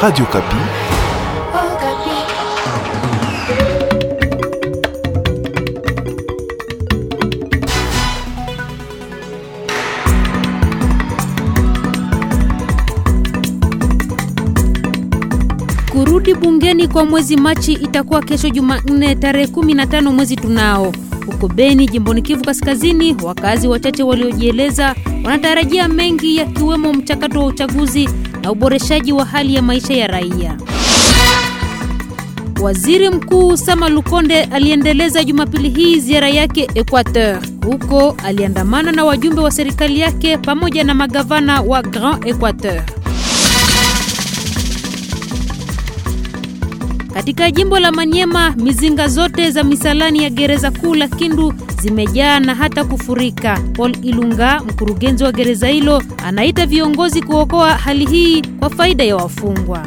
Radio Capi Mgeni kwa mwezi Machi itakuwa kesho Jumanne tarehe 15 mwezi tunao. Huko Beni jimboni Kivu Kaskazini, wakazi wachache waliojieleza wanatarajia mengi yakiwemo mchakato wa uchaguzi na uboreshaji wa hali ya maisha ya raia. Waziri Mkuu Sama Lukonde aliendeleza Jumapili hii ziara yake Equateur. Huko aliandamana na wajumbe wa serikali yake pamoja na magavana wa Grand Equateur. Katika jimbo la Manyema, mizinga zote za misalani ya gereza kuu la Kindu zimejaa na hata kufurika. Paul Ilunga, mkurugenzi wa gereza hilo, anaita viongozi kuokoa hali hii kwa faida ya wafungwa.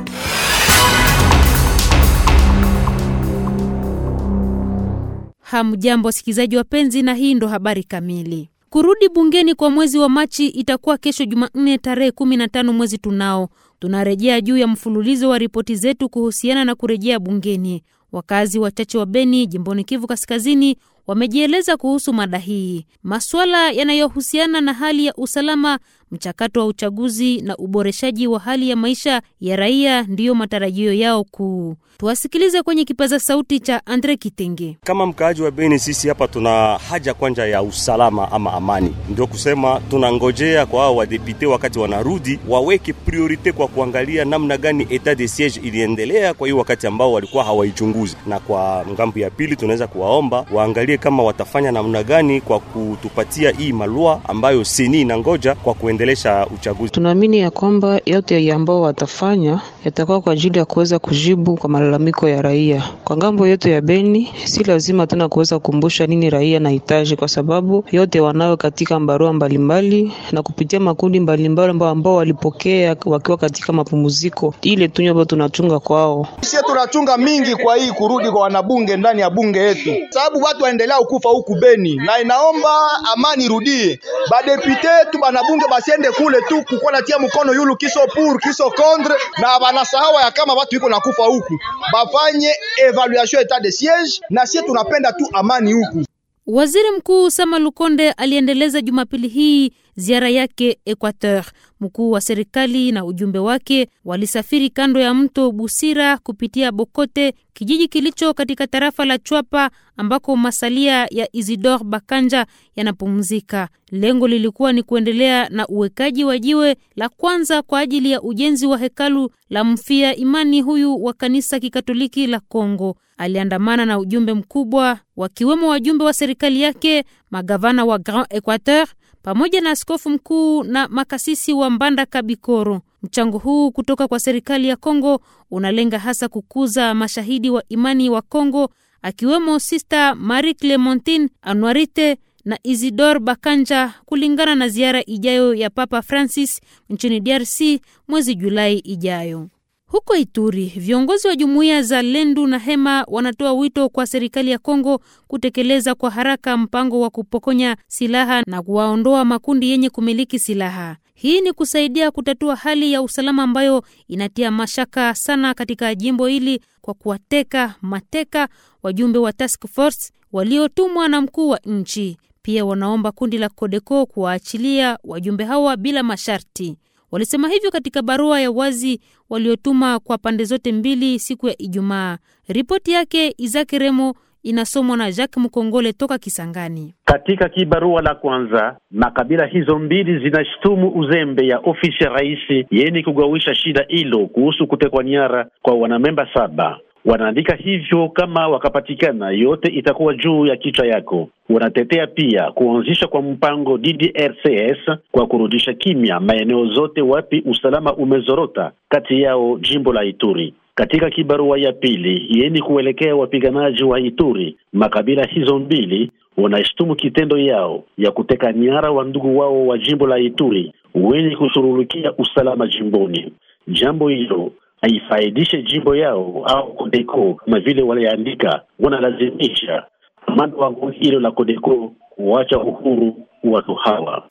Hamjambo wasikilizaji wapenzi, na hii ndo habari kamili. Kurudi bungeni kwa mwezi wa Machi itakuwa kesho Jumanne tarehe 15 mwezi tunao Tunarejea juu ya mfululizo wa ripoti zetu kuhusiana na kurejea bungeni. Wakazi wachache wa Beni jimboni Kivu Kaskazini wamejieleza kuhusu mada hii. Masuala yanayohusiana na hali ya usalama mchakato wa uchaguzi na uboreshaji wa hali ya maisha ya raia ndiyo matarajio yao kuu. Tuwasikilize kwenye kipaza sauti cha Andre Kitenge. Kama mkaaji wa Beni, sisi hapa tuna haja kwanja ya usalama ama amani, ndio kusema tunangojea kwa hao wadepite, wakati wanarudi waweke priorite kwa kuangalia namna gani etat de siege iliendelea kwa hiyo wakati ambao walikuwa hawaichunguzi, na kwa ngambo ya pili tunaweza kuwaomba waangalie kama watafanya namna gani kwa kutupatia hii malua ambayo seni inangoja kwa kuendelea kuendelesha uchaguzi. Tunaamini ya kwamba yote ambao watafanya yatakuwa kwa ajili ya kuweza kujibu kwa malalamiko ya raia kwa ngambo yote ya Beni. Si lazima tena kuweza kukumbusha nini raia nahitaji, kwa sababu yote wanayo katika barua mbalimbali na kupitia makundi mbalimbali ambao walipokea wakiwa katika mapumziko ile tunyo ambayo tunachunga kwao. Sisi tunachunga mingi kwa hii kurudi kwa wanabunge ndani ya bunge yetu, sababu watu waendelea kukufa huku Beni, na inaomba amani irudie badepite yetu banabunge basi basiende kule tu kukwala tia mkono yulu kiso pour kiso contre, na banasahawa ya kama watu iko nakufa huku, bafanye evaluation etat de siege, na sie tunapenda tu amani huku. Waziri Mkuu Sama Lukonde aliendeleza Jumapili hii ziara yake Equateur. Mkuu wa serikali na ujumbe wake walisafiri kando ya mto Busira kupitia Bokote, kijiji kilicho katika tarafa la Chwapa ambako masalia ya isidor Bakanja yanapumzika. Lengo lilikuwa ni kuendelea na uwekaji wa jiwe la kwanza kwa ajili ya ujenzi wa hekalu la mfia imani huyu wa kanisa kikatoliki la Kongo. Aliandamana na ujumbe mkubwa, wakiwemo wajumbe wa serikali yake, magavana wa Grand Equateur pamoja na askofu mkuu na makasisi wa Mbanda Kabikoro. Mchango huu kutoka kwa serikali ya Kongo unalenga hasa kukuza mashahidi wa imani wa Kongo, akiwemo siste Marie Clementine Anuarite na Isidor Bakanja kulingana na ziara ijayo ya Papa Francis nchini DRC mwezi Julai ijayo. Huko Ituri, viongozi wa jumuiya za Lendu na Hema wanatoa wito kwa serikali ya Kongo kutekeleza kwa haraka mpango wa kupokonya silaha na kuwaondoa makundi yenye kumiliki silaha. Hii ni kusaidia kutatua hali ya usalama ambayo inatia mashaka sana katika jimbo hili kwa kuwateka mateka wajumbe wa task force waliotumwa na mkuu wa nchi. Pia wanaomba kundi la Kodeko kuwaachilia wajumbe hawa bila masharti. Walisema hivyo katika barua ya wazi waliotuma kwa pande zote mbili siku ya Ijumaa. Ripoti yake isaki Remo inasomwa na Jacques Mkongole toka Kisangani. Katika kibarua la kwanza, makabila hizo mbili zinashtumu uzembe ya ofisi ya rais yeni kugawisha shida hilo kuhusu kutekwa nyara kwa wanamemba saba Wanaandika hivyo kama wakapatikana, yote itakuwa juu ya kichwa yako. Wanatetea pia kuanzisha kwa mpango DDRCS kwa kurudisha kimya maeneo zote wapi usalama umezorota, kati yao jimbo la Ituri. Katika kibarua ya pili yeni kuelekea wapiganaji wa Ituri, makabila hizo mbili wanashtumu kitendo yao ya kuteka nyara wa ndugu wao wa jimbo la Ituri wenye kushughulikia usalama jimboni. Jambo hilo haifaidishe jimbo yao au Kodeko kama vile waliandika, wanalazimisha kamanda wa kundi hilo la Kodeko kuwacha uhuru watu hawa.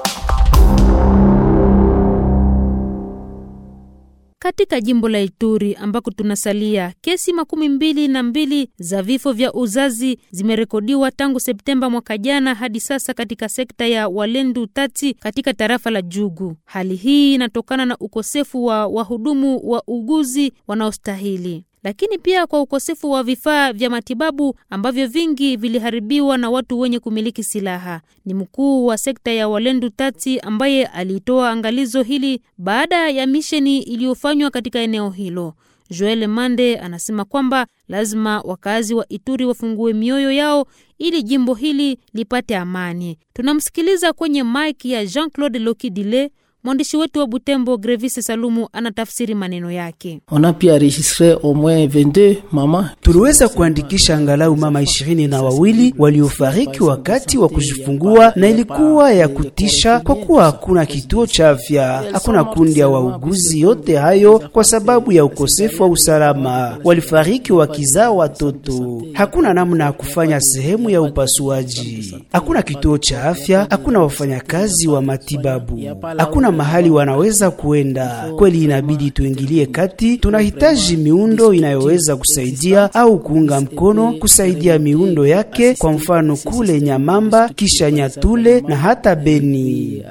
katika jimbo la Ituri ambako tunasalia, kesi makumi mbili na mbili za vifo vya uzazi zimerekodiwa tangu Septemba mwaka jana hadi sasa katika sekta ya Walendu Tati katika tarafa la Jugu. Hali hii inatokana na ukosefu wa wahudumu wa uguzi wanaostahili lakini pia kwa ukosefu wa vifaa vya matibabu ambavyo vingi viliharibiwa na watu wenye kumiliki silaha. Ni mkuu wa sekta ya Walendu Tati ambaye alitoa angalizo hili baada ya misheni iliyofanywa katika eneo hilo. Joel Mande anasema kwamba lazima wakazi wa Ituri wafungue mioyo yao ili jimbo hili lipate amani. Tunamsikiliza kwenye mike ya Jean-Claude Lokidile Mwandishi wetu wa Butembo, Grevisi Salumu, anatafsiri maneno yake. Tuliweza kuandikisha angalau mama ishirini na wawili waliofariki wakati wa kujifungua, na ilikuwa ya kutisha kwa kuwa hakuna kituo cha afya, hakuna kundi ya wauguzi. Yote hayo kwa sababu ya ukosefu wa usalama, walifariki wakizaa watoto. Hakuna namna ya kufanya sehemu ya upasuaji, hakuna kituo cha afya, hakuna wafanyakazi wa matibabu, hakuna hakuna mahali wanaweza kuenda. Kweli inabidi tuingilie kati, tunahitaji miundo inayoweza kusaidia au kuunga mkono kusaidia miundo yake, kwa mfano kule Nyamamba, kisha Nyatule na hata Beni.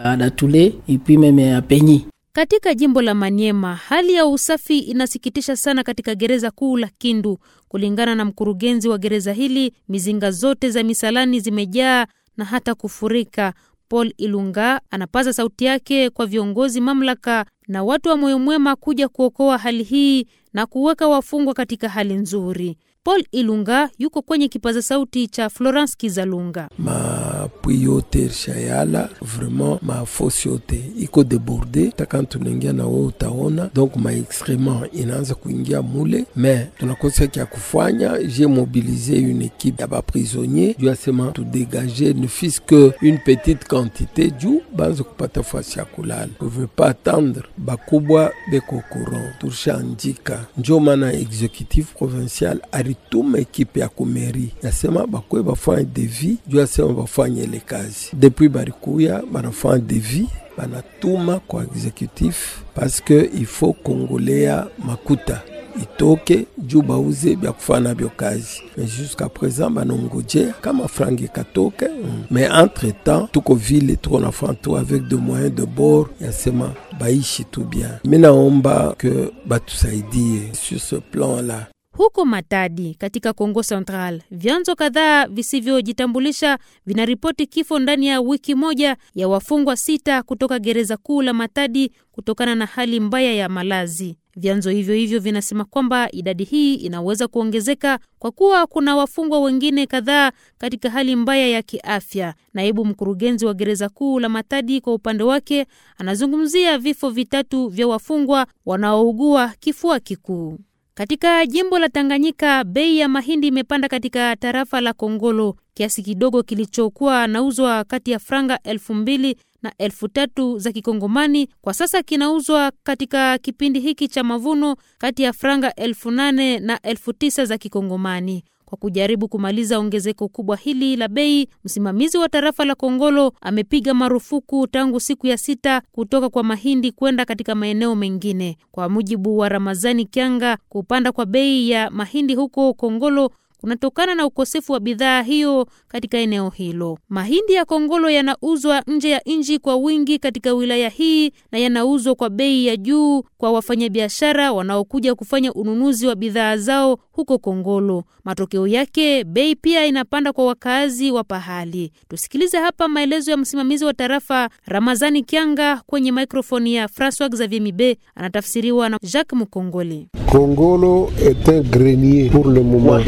Katika jimbo la Maniema hali ya usafi inasikitisha sana katika gereza kuu la Kindu. Kulingana na mkurugenzi wa gereza hili, mizinga zote za misalani zimejaa na hata kufurika. Paul Ilunga anapaza sauti yake kwa viongozi, mamlaka na watu wa moyo mwema kuja kuokoa hali hii na kuweka wafungwa katika hali nzuri. Paul Ilunga yuko kwenye kipaza sauti cha Florence Kizalunga. mapwi yote ershayala vraiment mafosi yote iko deborde, takan tunaingia na wewe utaona donc maexcrement inaanza kuingia mule me tunakosa kya kufanya. Je mobilize une equipe ya baprisonnier juu asema tudegager ne fis que une petite quantité juu banze kupata fasi ya kulala. On veut pas attendre bakubwa beko courant tushanjika, njo maana executive provincial walituma ekipe ya kumeri yasema bakoye bafanya devi juu yasema bafanye ile kazi depuis barikuya banafanya devi banatuma kwa executif paske ifo kongolea makuta itoke juu bauze bya n'a nabyo kazi me jusqu'à présent banongojea kama frange katoke mm. mais entre temps tuko vile tuko na fanto avec de moyens de bord yasema baishi tu bien mi naomba ke batusaidie sur ce plan là Huko Matadi katika Kongo Central, vyanzo kadhaa visivyojitambulisha vinaripoti kifo ndani ya wiki moja ya wafungwa sita kutoka gereza kuu la Matadi kutokana na hali mbaya ya malazi. Vyanzo hivyo hivyo vinasema kwamba idadi hii inaweza kuongezeka kwa kuwa kuna wafungwa wengine kadhaa katika hali mbaya ya kiafya. Naibu mkurugenzi wa gereza kuu la Matadi kwa upande wake anazungumzia vifo vitatu vya wafungwa wanaougua kifua kikuu. Katika jimbo la Tanganyika, bei ya mahindi imepanda katika tarafa la Kongolo. Kiasi kidogo kilichokuwa nauzwa kati ya franga elfu mbili na elfu tatu za kikongomani kwa sasa kinauzwa katika kipindi hiki cha mavuno kati ya franga elfu nane na elfu tisa za kikongomani. Kwa kujaribu kumaliza ongezeko kubwa hili la bei, msimamizi wa tarafa la Kongolo amepiga marufuku tangu siku ya sita kutoka kwa mahindi kwenda katika maeneo mengine. Kwa mujibu wa Ramazani Kyanga, kupanda kwa bei ya mahindi huko Kongolo kunatokana na ukosefu wa bidhaa hiyo katika eneo hilo. Mahindi ya kongolo yanauzwa nje ya nchi kwa wingi katika wilaya hii na yanauzwa kwa bei ya juu kwa wafanyabiashara wanaokuja kufanya ununuzi wa bidhaa zao huko Kongolo. Matokeo yake bei pia inapanda kwa wakazi wa pahali. Tusikilize hapa maelezo ya msimamizi wa tarafa Ramazani Kianga kwenye mikrofoni ya Francois Xavier Mibe, anatafsiriwa na Jacques Mukongole. Kongolo est grenier pour le moment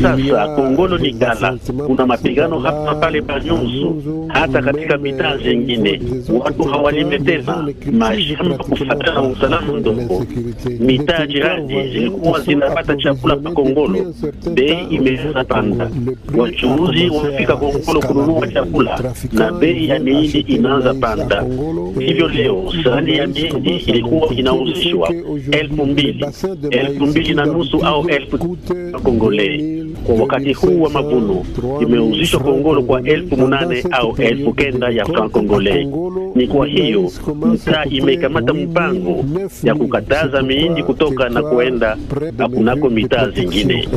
la Kongolo ni Ngala, kuna mapigano hapa pale Banyunzu, hata katika mitaa zingine watu hawalime tena mashamba kufatana usalama ndogo. Mitaa jirani zilikuwa zinapata chakula pa Kongolo, bei imeanza panda, wachuuzi wafika Kongolo kununua chakula na bei ya miindi inaanza panda. Hivyo leo sahani ya miindi ilikuwa inauzishwa elfu mbili elfu mbili na nusu au elfu Kongole kwa wakati huu wa mavuno imeuzishwa kongolo kwa elfu munane au elfu kenda ya fran Kongole. Ni kwa hiyo mtaa imekamata mpango ya kukataza miindi kutoka na kuenda na kunako mitaa zingine.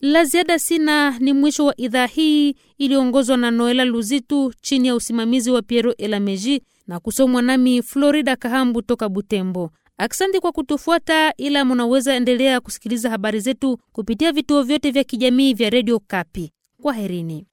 La ziada sina. Ni mwisho wa idhaa hii iliyoongozwa na Noela Luzitu chini ya usimamizi wa Piero Elameji na kusomwa nami Florida Kahambu toka Butembo. Asante kwa kutufuata, ila munaweza endelea kusikiliza habari zetu kupitia vituo vyote vya kijamii vya redio Kapi. Kwaherini.